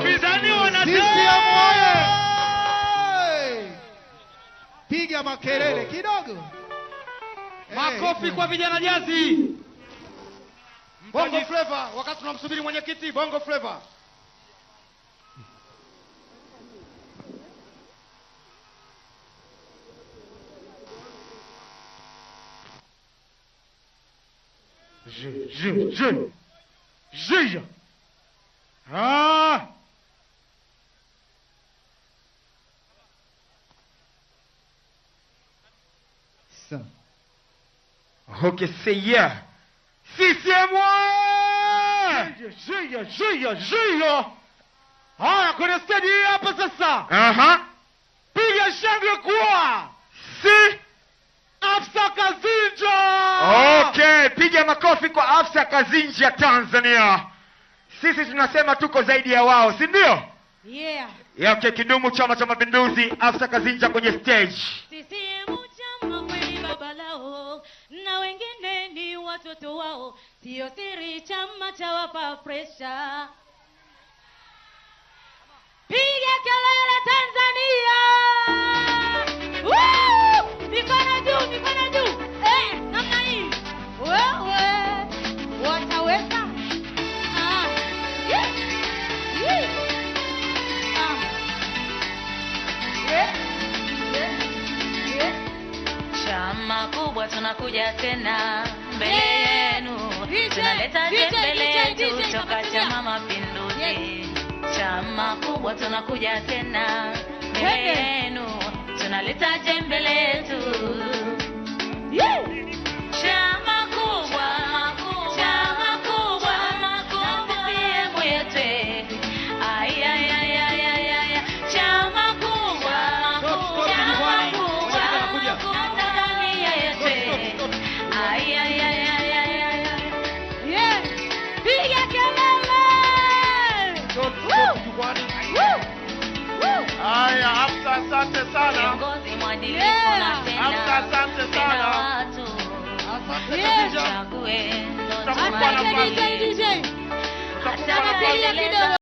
Wapinzani wanatea, piga makelele kidogo, makofi kwa vijana jazi. Bongo Flava, wakati tunamsubiri mwenyekiti Bongo Flava. Je, je, je. Je. Ah! Hokeseya CCM oye! Juyo juyo! Haya, kwenye stadi hii hapa sasa. Aha. Piga shangwe kwa si Afsa ah, uh-huh. Kazinja. Okay, piga makofi kwa Afsa Kazinja Tanzania. Sisi tunasema tuko zaidi ya wao, si ndio? Yeah. Yeah, okay, kidumu Chama cha Mapinduzi, Afsa Kazinja kwenye stage. Sisi watoto wao, sio siri chama cha wapa presha kubwa tunakuja tena mbele yenu, tunaleta mbele yetu toka Chama Mapinduzi. Chama kubwa tunakuja tena mbele yenu, tunaleta mbele yetu everybody. Woo! Aya, asante sana. Hapa asante sana. Asante DJ. Asante DJ. DJ.